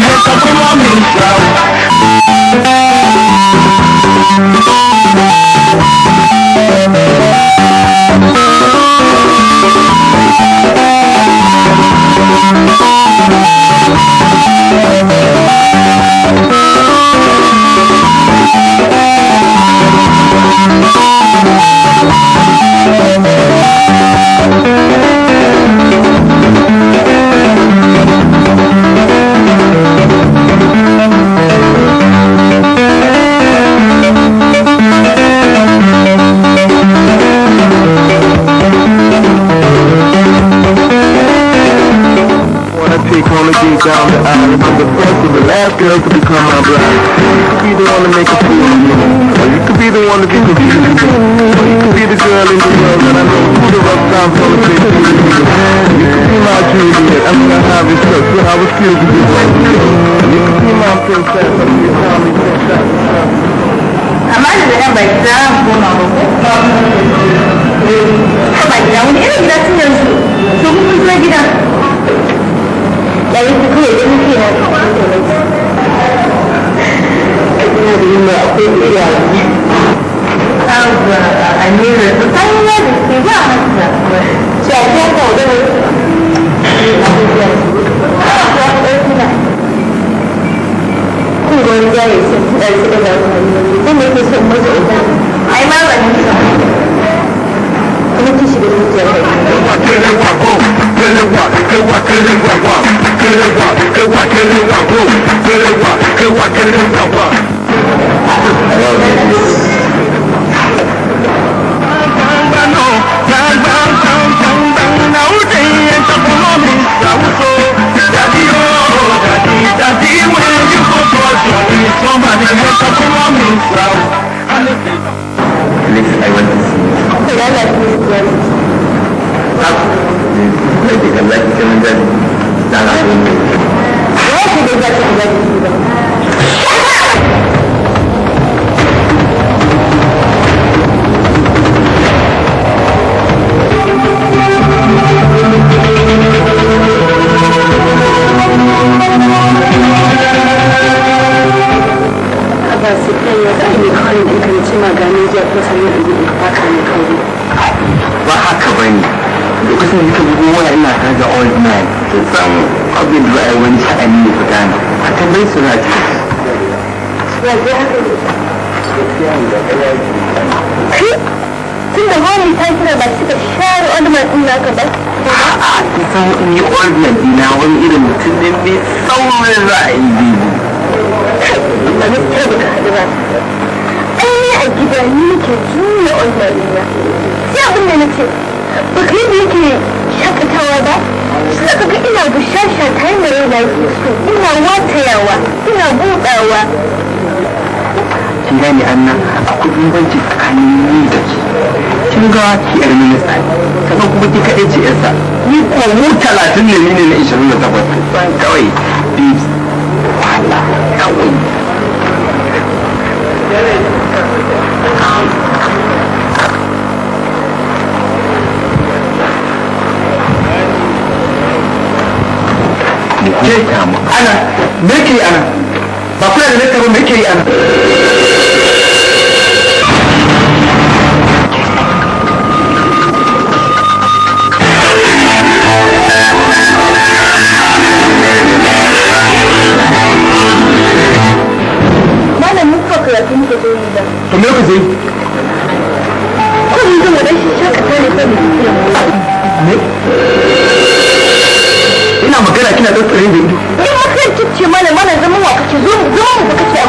Essa é só com a ra'ayi na wani irin mutum ne mai saurin ra'ayi bibi a gida ni nake juya ordinary na sai abin da nace ba kai da yake shakatawa ba sai ka ga ina bushasha ta hanyar raina yake so ina watayawa ina buɗawa kin gane anna akwai bambanci tsakanin ni da ke kin ga ki yar minista kaga kuma ki kaɗai ce yarsa ni talatin ne ne na ishirin da takwas kawai kawai ana me ke ana ba kula da lakabin me ke ana to me ku sai ko mun zo da shi shakata ne ko ne ina magana kina tsare da ido kawai mana mana zaman wa kake zo mu zo mu kake a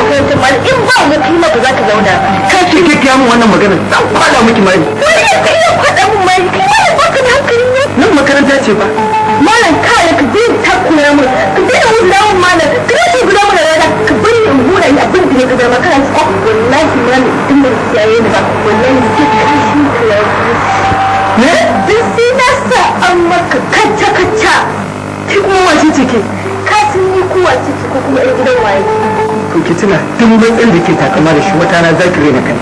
makarantar mana in ba mu kai maka za ka zauna kai ce ke mu wannan magana zan fada miki mai kai ya fada mu mai kai mana ba ka hankali ne nan makaranta ce ba malam kai ka je ta koya mu ka je mu da mu malam ka je guda mu da rana ka bari in gura ya bin da ka zama dama kana ci oh, wallahi malam din da kiyaye ne ba wallahi ke shi ne duk sai na sa an maka kacca kacca ki kuma wace ce ke kowa ciki ko kuma waye to tuna duk matsayin da ke takama da shi wata na za ki rena kai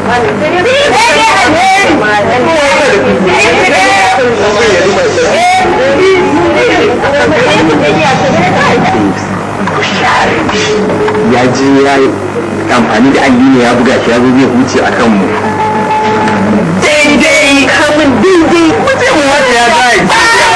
ya ji ya amfani da addini ya buga shi ya zo zai huce a kanmu daidai kamun daidai mutum ya zai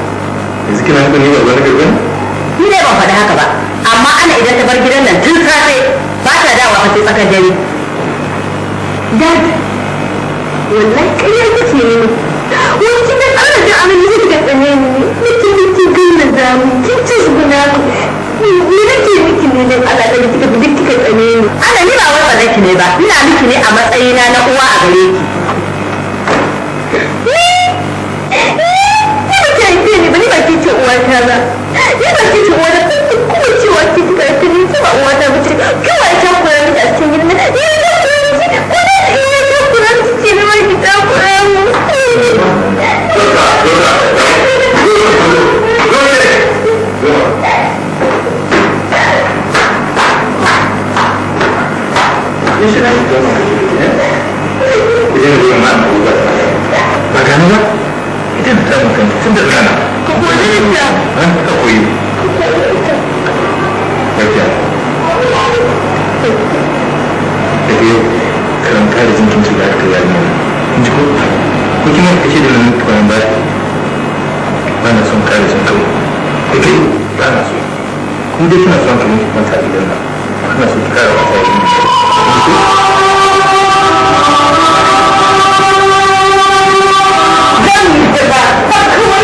yanzu kina haka ne ba bar garba ni ne ban faɗi haka ba amma ana idan ta bar gidan nan tun safe ba ta dawa fa sai tsakar dare dad wallahi ƙarya kuke ne wani kin ga tsara da amin ne kika tsane ni miki miki gaina zamu kin ci shuguna ni nake miki ne dan Allah da kika bi duk kika tsane ni ana ni ba wai ba zaki ne ba ina miki ne a matsayina na uwa a gare ki ni ni ba ki ne ba ce uwata ba ni ba ki ce kuma cewa ki ji karfi uwata ba ce kawai ta kura miki a cikin gidan nan ta kura ko ne ta kura miki ce ni ma ta kura mu zai fita maka ne tun da ka koyi ka koyi lafiya da ke karanta da jinkin su da aka yi ne in ko ko kin yi kake da nan ko baya ba na son kare da kawai ko ke ba na so kuma dai kina son kamar kwanta a gidan nan kana so ki kare wata yayin da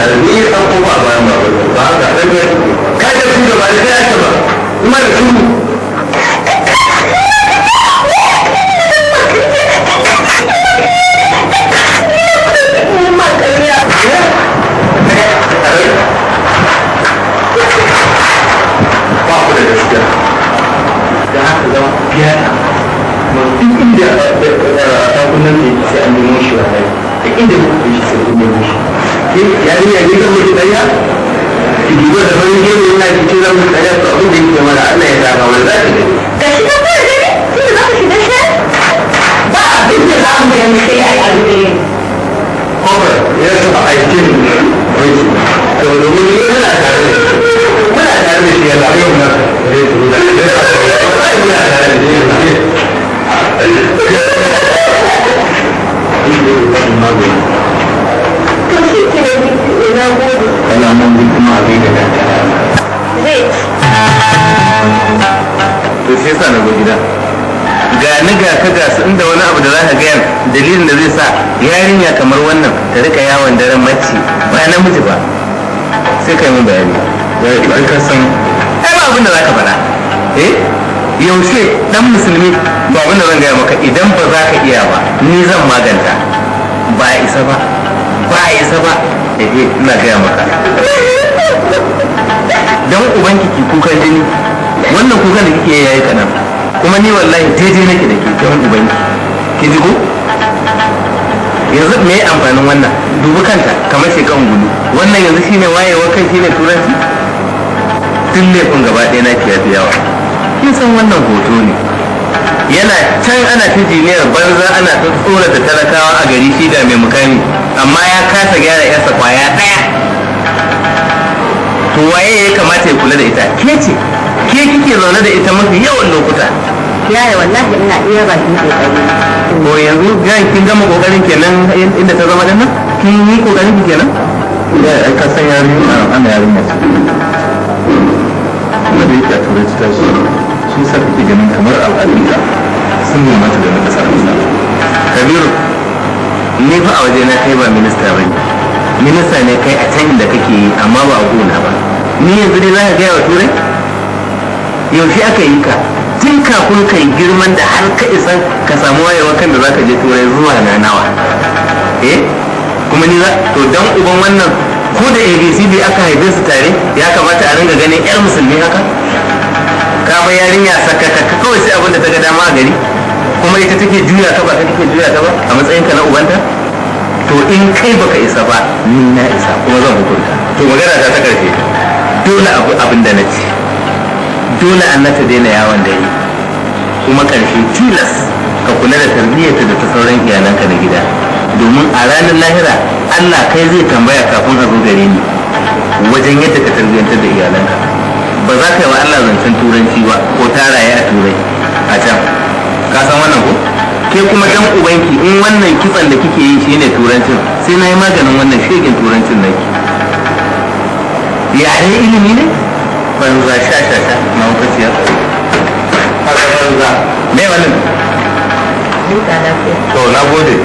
harbi an kuma ba ma ba ka daga ka da su da ba da ya ta ba kuma eh, eh, da su da zama biya inda ɗan da ya ce an nemo shi wa da yarinya ne zan miki tsariya ki duba da farin gemu yana ki ce zan miki tsariya to abin da yake mana Allah ya zaba wani za ki gani ka fara gani tun da za ka shiga shi ba abin da za mu gani sai ai alheri kofar ya saba aikin wani to domin ni yana tare da shi muna tare da shi ya zaɓe mu na da ya zaɓe mu na tare da shi ya kana mun bi kuma a gaida da ta to shi yasa na go gida ga ni ga ka ga inda wani abu da zaka gaya dalilin da zai sa yarinya kamar wannan ta rika yawon daren mace ba namiji ba sai kai yi mun bayani ya yi ka san ai ba abin da zaka fara eh yaushe dan musulmi ba abin da zan gaya maka idan ba za ka iya ba ni zan maganta ba isa ba ba a isa ba da je ina gaya maka don uban kiki kukan jini wannan kukan da kike yayi kanan kuma ni wallahi daidai nake da ke don uban ki ji ko yanzu me amfanin wannan dubi kanta kamar shekan gudu wannan yanzu shine wayewa kai shine turanci tun laifin gaba ɗaya na ke yawa kin san wannan hoto ne yana can ana ta jiniyar banza ana ta tsora da talakawa a gari shi da mai mukami amma ya kasa gyara yarsa kwaya daya to waye ya kamata ya kula da ita ke ce ke kike zaune da ita mafi yawan lokuta Yaya, wallahi ina iya bakin kokari Ko yanzu ga kin gama kokarin kenan inda ta zama dinnan kin yi kokarin ki kenan ya ka san yari ana yarinya kuma da yake a turai ta shi shi sa ganin kamar al'adunta sun nema ta gaban kasar Musa. Kabiru, ni fa a waje na kai ba minista ba ne. Minista ne kai a can da kake yi amma ba a gona ba. Ni yanzu dai za ka gaya wa turai? Yaushe aka yi ka? Tun kafin kai girman da har ka isa ka samu wayewa kan da za ka je turai zuwa na nawa. Eh? Kuma ni za, to dan uban wannan ko da abcd aka haife su tare ya kamata a ringa ganin 'yar musulmi haka? ka yarinya sakaka kawai sai abin da ta ga dama a gari kuma ita take juya ta ba ta take juya ta ba a matsayin ka na ubanta to in kai baka isa ba ni na isa kuma zan hukunta to magana ta ta karfe dole abu abin da na ci dole an ta daina yawon dare kuma karfe tilas ka kula da tarbiyyarta da ta sauran iyalanka na gida domin a ranar lahira Allah kai zai tambaya kafin a zo gare ni wajen yadda ka tarbiyyantar da iyalanka ba za ka yi wa Allah zancen turanci ba ko taraye a turai a can ka san wannan ko ke kuma dan ubanki in wannan kitsan da kike yi shine turancin sai na yi maganin wannan shegin turancin da a yare ilimi ne banza sha sha sha na hukaciya haka banza me wannan to na gode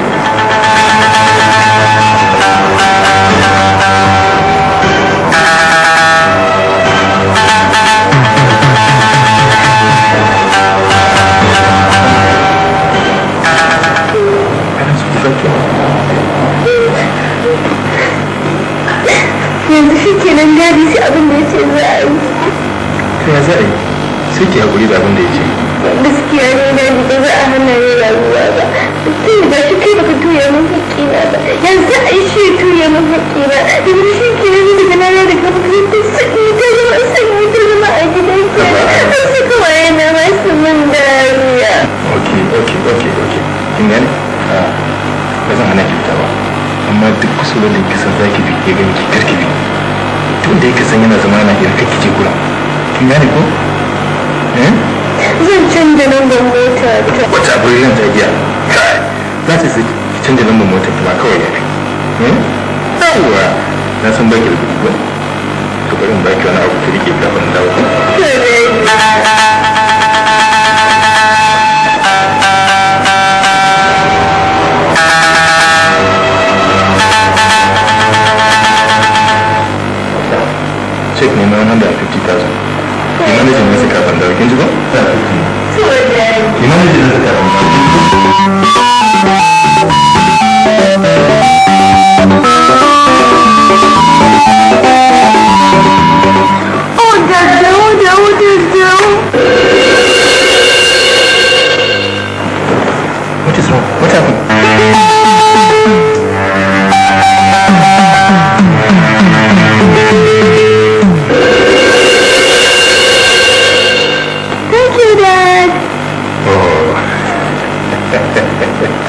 shi kenan dadi sai abin da ya ce za a yi to ya za a yi sai ki haƙuri da abin da ya ce gaskiya ne dadi ba za a hana ni rayuwa ba tun da shi kai baka tuya min haƙƙina ba yanzu a yi shi tuya min haƙƙina domin shi kenan ne daga na da gaba kai ta sanyi ta zama sanyi ta zama a gidan kenan an sai kawai na ma su min dariya ok ok ok ok kin gani ah, ba zan hana ki fita ba amma duk kusurin da kisa za ki bi ke gani ki karki bi tun da yake san yana zama na iya kai kula kin gane ko eh? zan canja lambar mota ta wata abirin ta giya za ta sai canja lambar mota ta ba kawai ne eh yawwa na san baki da ba baki wani abu ta rike ban dawo 150,000 you manage in Mexico and the weekend ago? You manage in Mexico.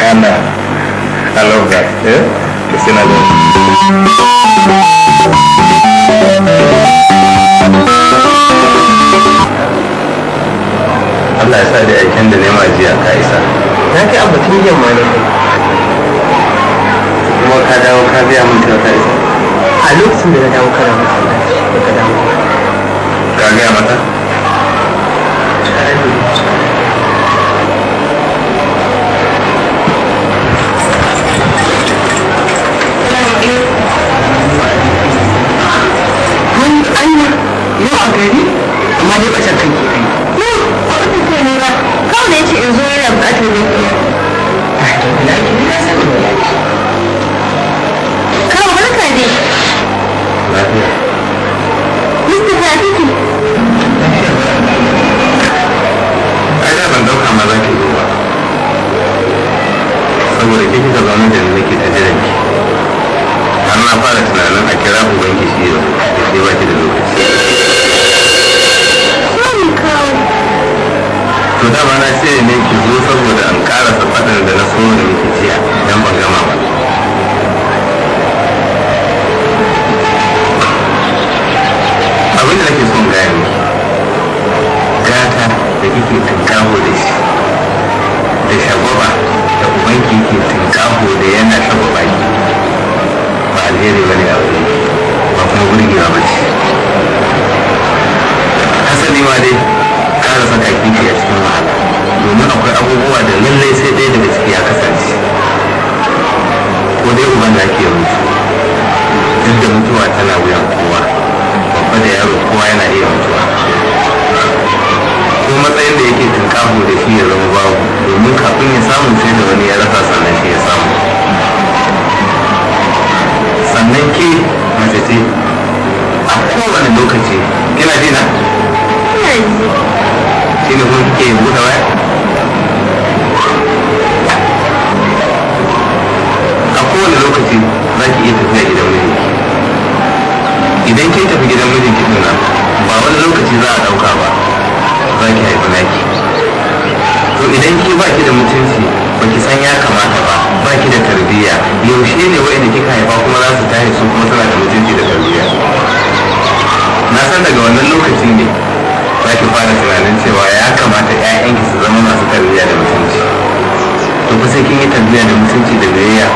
Anna. I love that. Yeah? Christina Allah ya sa da aikin da nema jiya ka isa. Na kai abu tun yamma na kai. Kuma ka dawo ka biya mun ta ka isa. A lokacin da na dawo ka dawo ka dawo. Ka gaya mata? Ka gaya mata. gari amma dai ba can kanki kai ba ce ne ba kawai da ce in zo yana bukatar da ke kawo barka dai Mr. Fatiki ai da ban dauka ma za ki zo ba saboda ke kika zaune da nake ta jiran ki har na fara tunanin a kira ku ubangiji yau sai ba ki da lokaci to dama na ce ne ki zo saboda an karasa faɗin da na so ne miki jiya dan ban gama ba abin da nake son gaya ne gata da kike tunkaho da shi da shagwaba da ubanki ke tunkaho da yana ba ki ba alheri ba ne a wuri ba kuma burgewa ba ce hasali ma dai rasa da hakiki a cikin wahala domin akwai abubuwa da lallai sai ɗaya daga ciki ya kasance ko dai uban da ake mutu duk da mutuwa tana wuyan kowa babba da yaro kowa yana iya mutuwa ko matsayin da yake tunkaho da shi ya zama babu domin kafin ya samu sai da wani ya rasa sannan shi ya samu sannan ke mace ce a kowane lokaci kina jina? shi ne kuma kike yin buɗe waya a kowane lokaci za ki iya tafiya gidan mijinki idan kin tafi gidan mijinki suna ba wani lokaci za a ɗauka ba za ki haifi naki to idan ki da mutunci baki san ya kamata ba ba da tarbiyya yaushe ne wa'inda kika haifa kuma za su tashi kuma suna da mutunci da tarbiyya na san daga wannan lokacin ne ki fara tunanin cewa ya kamata 'ya'yanki su zama masu tarbiyya da mutunci to fa sai kin yi tarbiyya da mutunci da biyayya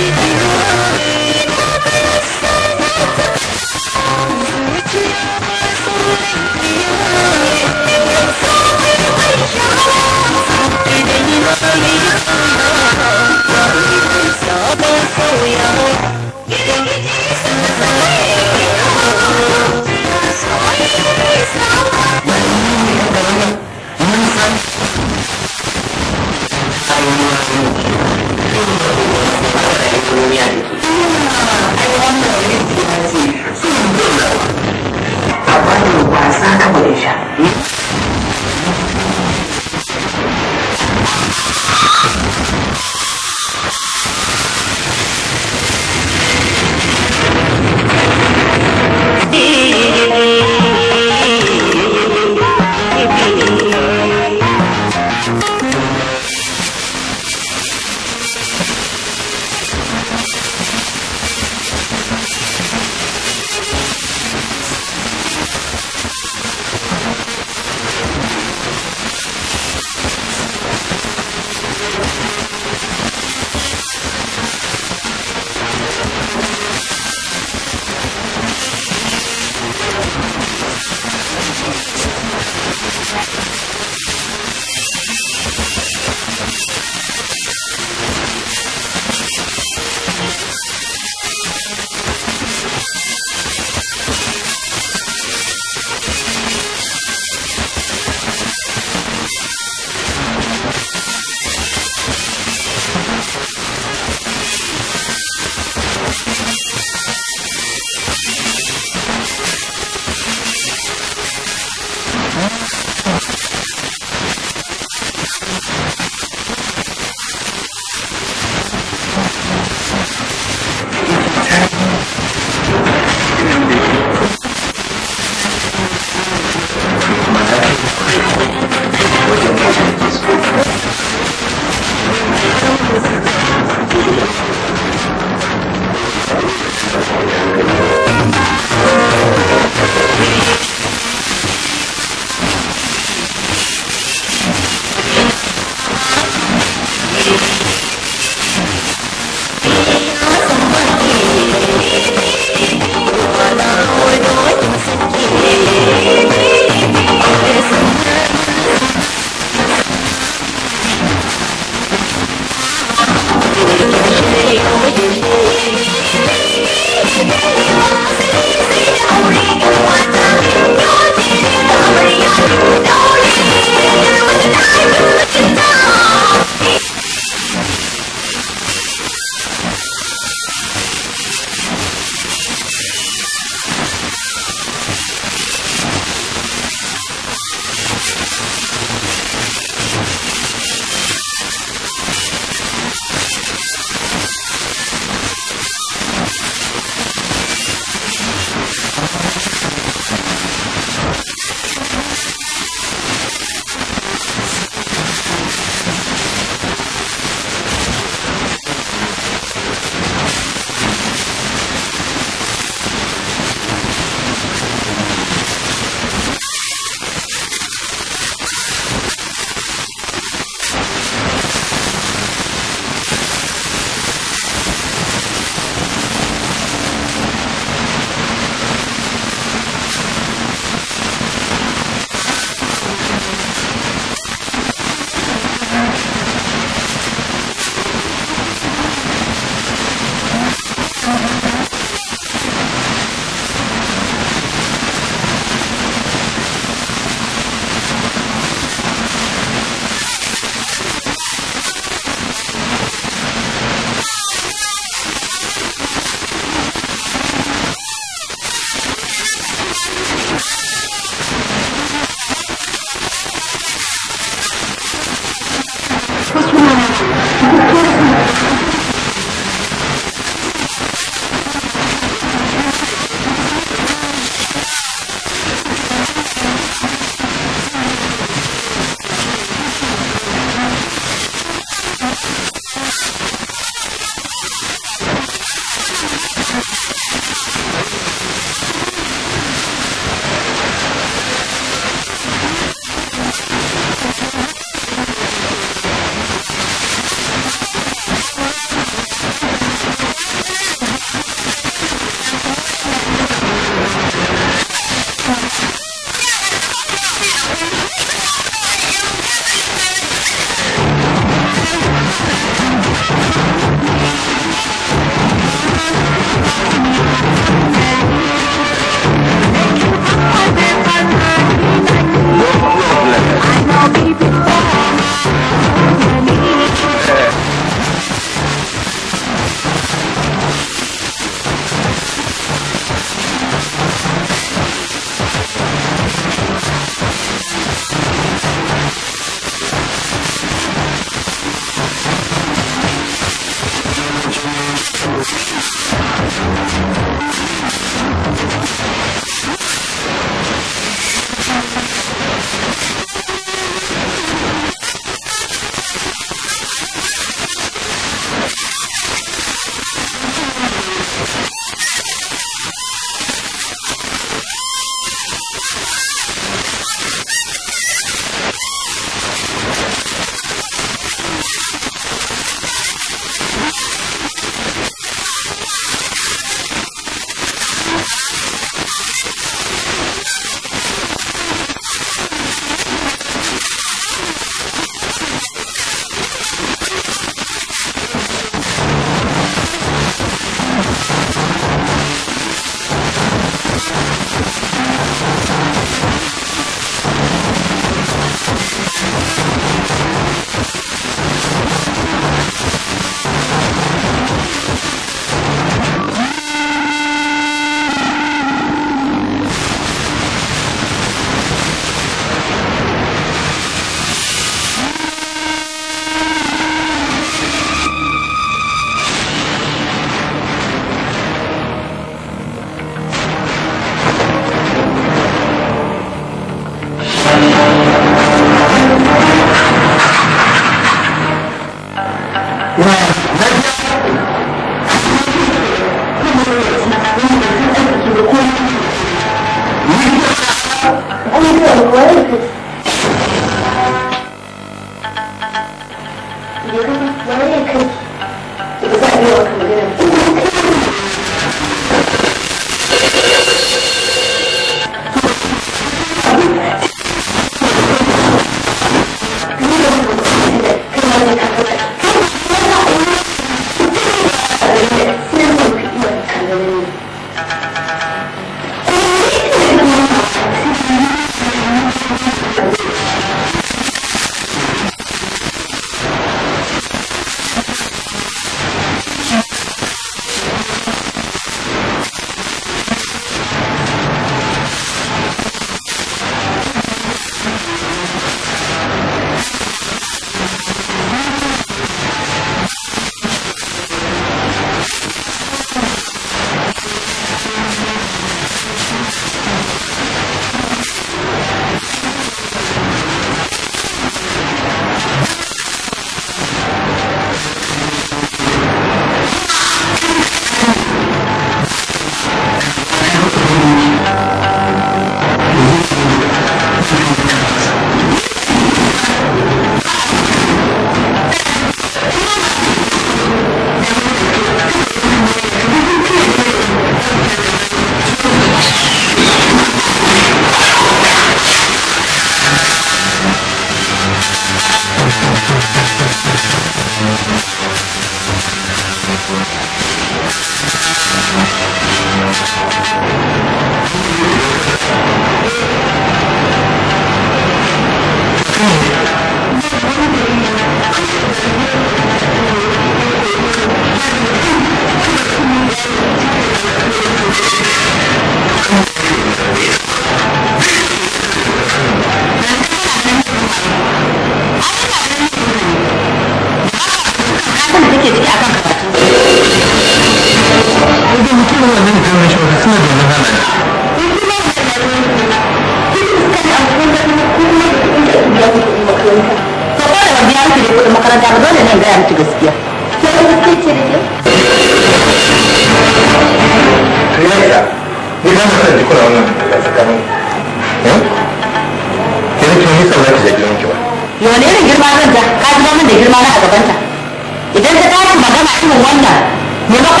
that. You're not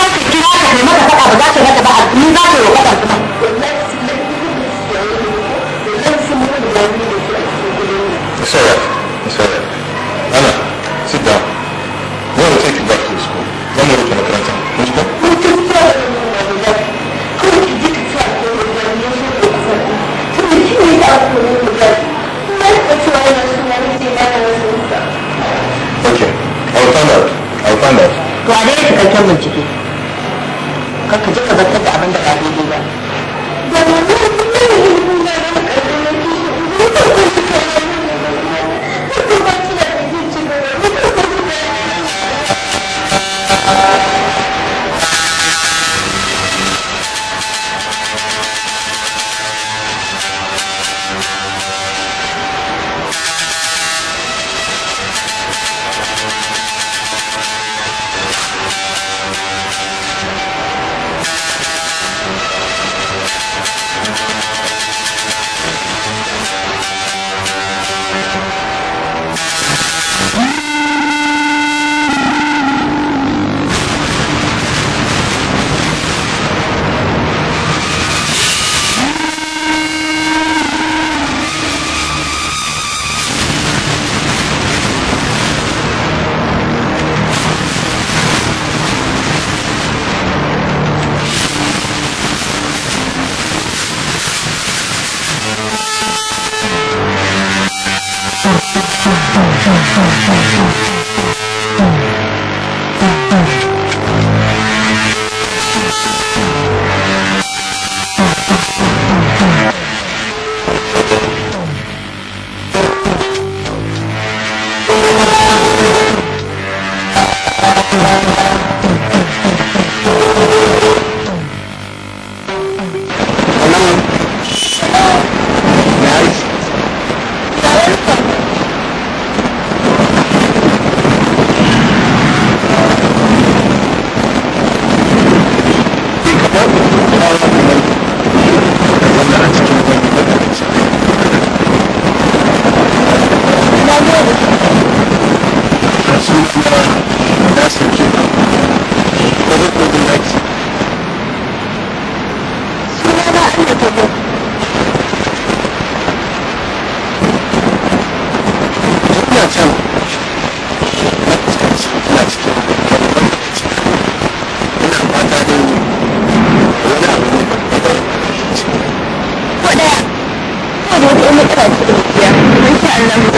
thật được dạ mấy cha lâm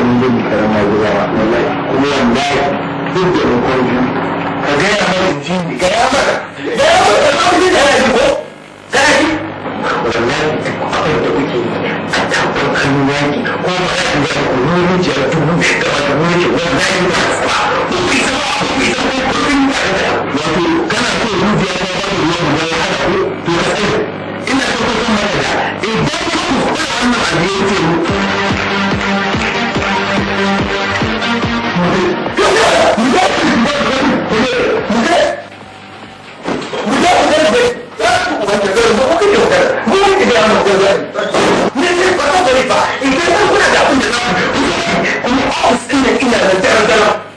mun zai bi karan na gida kuma wanda duk da mun kwanci ka gaya mana ji ga ya mana ga ya mana ka zama ji da ya ji ko ka ji wallahi abin da kuke ka tabbar hannun yaki ko ma ya da kuma rijiyar dubu da wata ya wallahi ba ba ku bi sama ku bi sama ku bi wato kana so rijiya ta ba ku ruwan da ya hada ku to gaskiya ina da idan ku fara wannan abin yake Ina da daren daren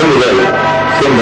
Estamos aí. Sem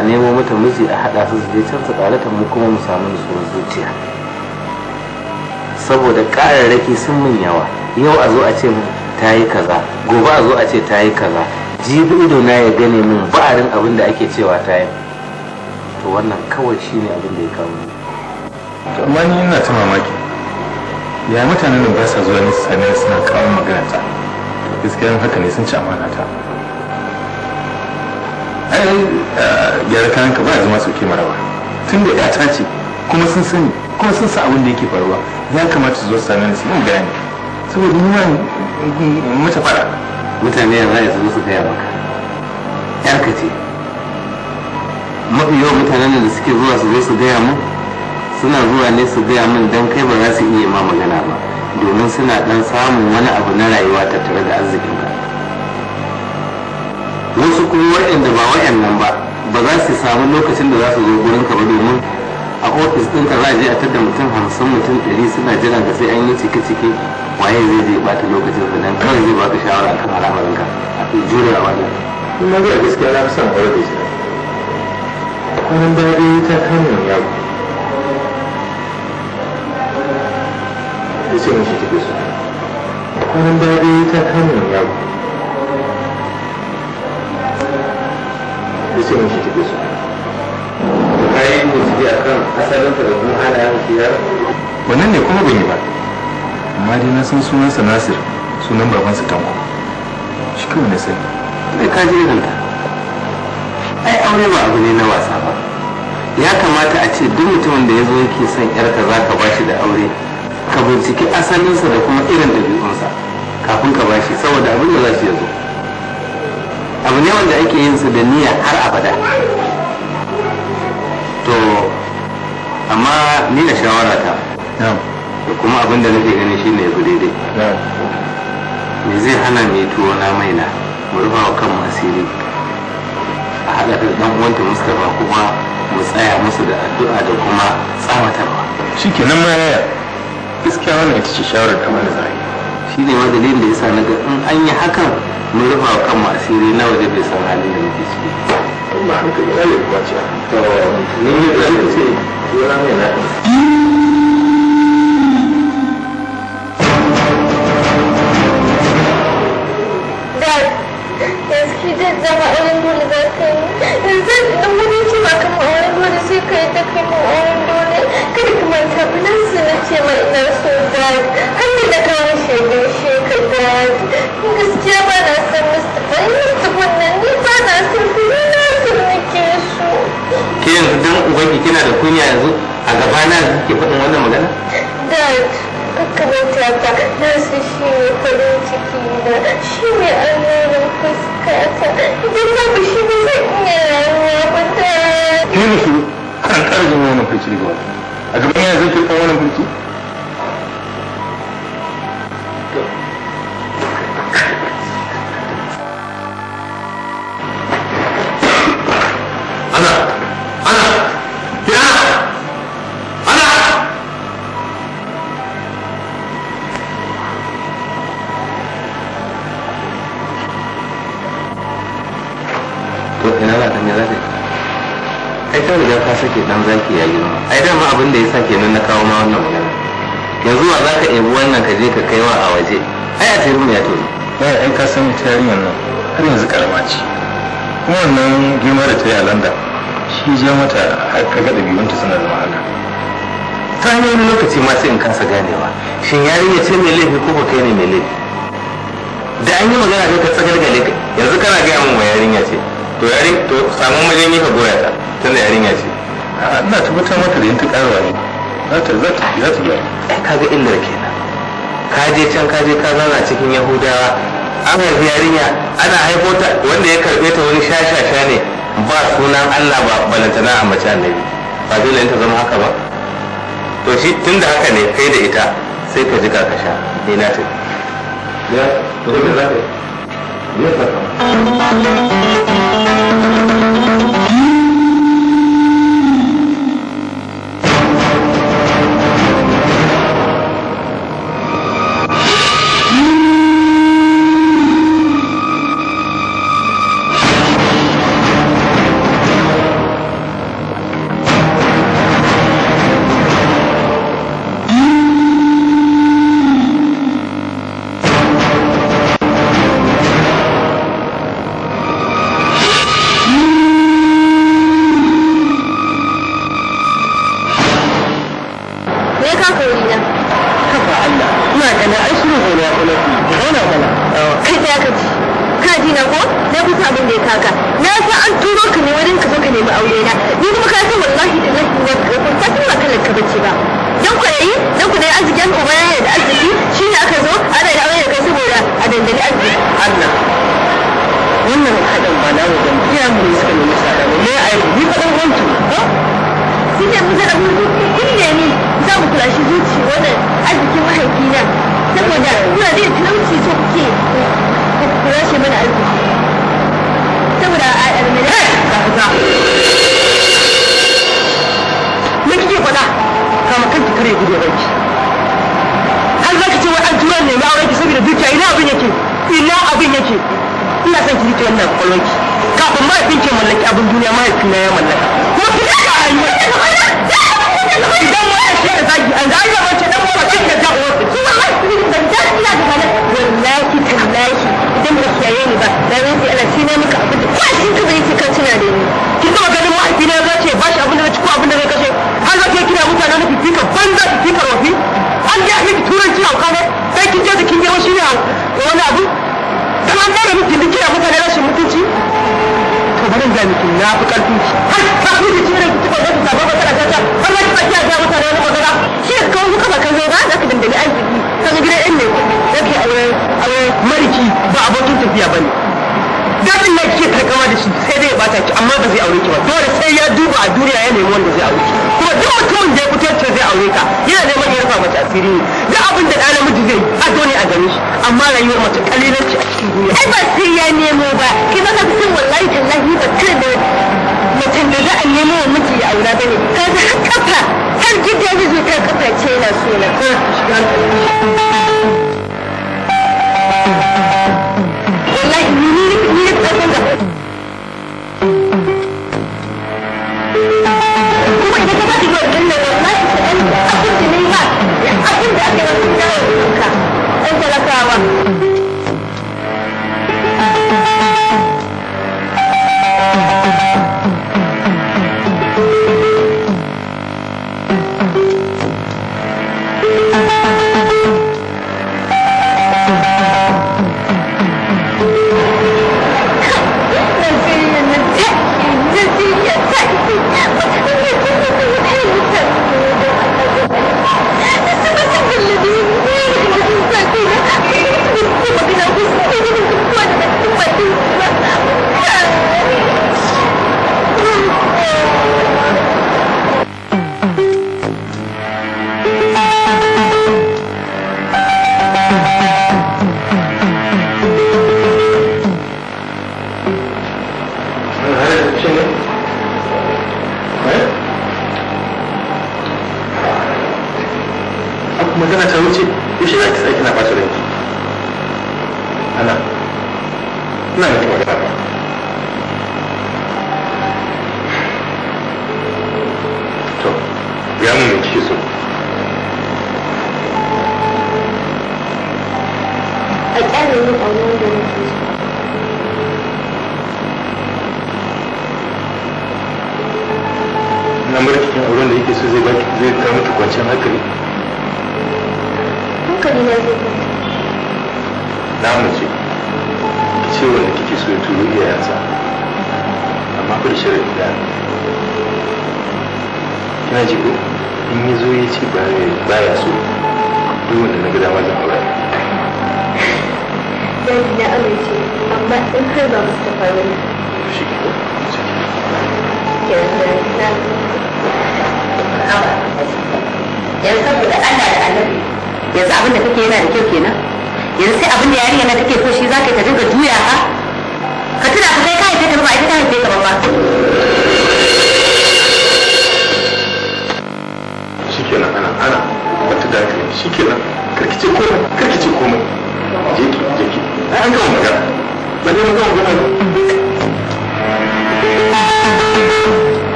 a nemo mata miji a haɗa su su je canza su mu kuma mu samu nutsuwar zuciya saboda ƙararraki sun min yawa yau a zo a ce ta yi kaza gobe a zo a ce ta yi kaza jibi ido na ya gane min ba'arin abin da ake cewa ta yi to wannan kawai shi ne abin da ya kawo ni amma ni ina ta mamaki ya mutanen da ba sa zuwa ni Sani suna kawo magana ta gaskiya haka ne sun ci amana ta biyar kayan ka ba ya zama ke marawa tun da yata ce kuma sun sani kuma sun sa abin da yake faruwa ya kamata su zo su same ni su mun gane saboda yi ma mata fara mutane yanzu ya zo su gaya maka ka ce mafi yawan mutanen da suke zuwa su zo su gaya mu suna zuwa ne su gaya min don kai ba za su iya ma magana ba domin suna dan samun wani abu na rayuwa tattare da arzikinka wasu kuma waɗanda ba waɗannan ba ba za su samu lokacin da za su zo gurin ka ba domin a ofis ka za a je a tadda mutum hamsin mutum ɗari suna jira da sai an yi cike-cike waye zai je ta lokacin sa dan kawai zai ka shawara kan al'amarin ka a fi jurewa ne. Ina ga gaskiya na fi son aure da shi. Kwanan ba dai ta kama yau. Ya ce mishi kike so. Kwanan baya dai ta kama yau. duk sai mun su kai mu a kan asalin da kuma halayen su ya wannan ne kuma ban yi ba amma dai na san sunansa nasir sunan babansa tanko shi kawai na sani da ka je ranta ai aure ba abu ne na wasa ba ya kamata a ce duk mutumin da ya zo yake son yarka za ka bashi da aure ka binciki asalinsa da kuma irin ɗabi'unsa kafin ka bashi saboda abin da za shi ya zo abu ne wanda ake yin su da niyya har abada to amma ni na shawara ta da kuma abin da nake gani shine ya daidai me zai hana mai tuwo na maina mu rufa wa kan asiri a haɗa da ɗan uwanta mustapha kuma mu tsaya musu da addu'a da kuma ke nan ma yaya gaskiya wannan ita ce shawarar da mana zai shi ne ma dalilin da yasa na ga in an yi hakan mun rufa kan masiri na waje bai san halin da muke ciki ba haka ba zai kuwa ce to ni ne da zai ce yana mai na Kada ka manta bilansu na ce ma ina so da hannun da kawo shaidu shi Ustaz. Gaskiya ba na san Mustapha. Yi ni Ke yanzu kina da kunya yanzu a gabana kike faɗin wannan magana? da su shi ne farin ciki da shi ne annabar fuskata. Idan babu shi ba zan iya rayuwa ba da. Ke musu kan ƙarfin wannan firci daga wata. A gaban yanzu kin ɗan wannan firci? sake dan zaki ya girma ai dama abin da ya sa kenan na kawo ma wannan magana yanzu wa za ka ebi wannan ka je ka wa a waje ai a tsirin ya tozo wai ai ka san ta yarinyar nan har yanzu karama ce kuma wannan girma da ta yi a landa shi je mata har ka ga ɗabi'unta suna zama haka ta hanyoyin lokaci ma sai in kasa ganewa shin yarinya ce mai laifi ko ba kai ne mai laifi da an yi magana kai ka tsagar gale yanzu kana gaya min wa yarinya ce to yarin to samu maje ka goya ta tunda yarinya ce ina tabbatar mata da yanzu karuwa ne za ta za ta za ta gyara ka ga illar kenan ka je can ka je ka zauna cikin yahudawa an haifi yarinya ana haifo ta wanda ya karbe ta wani shashasha ne ba sunan Allah ba na a mace annabi ba dole ta zama haka ba to shi tun da haka ne kai da ita sai ka ji ka kasha ni na tafi ya to me za ka yi ya ka Thank you.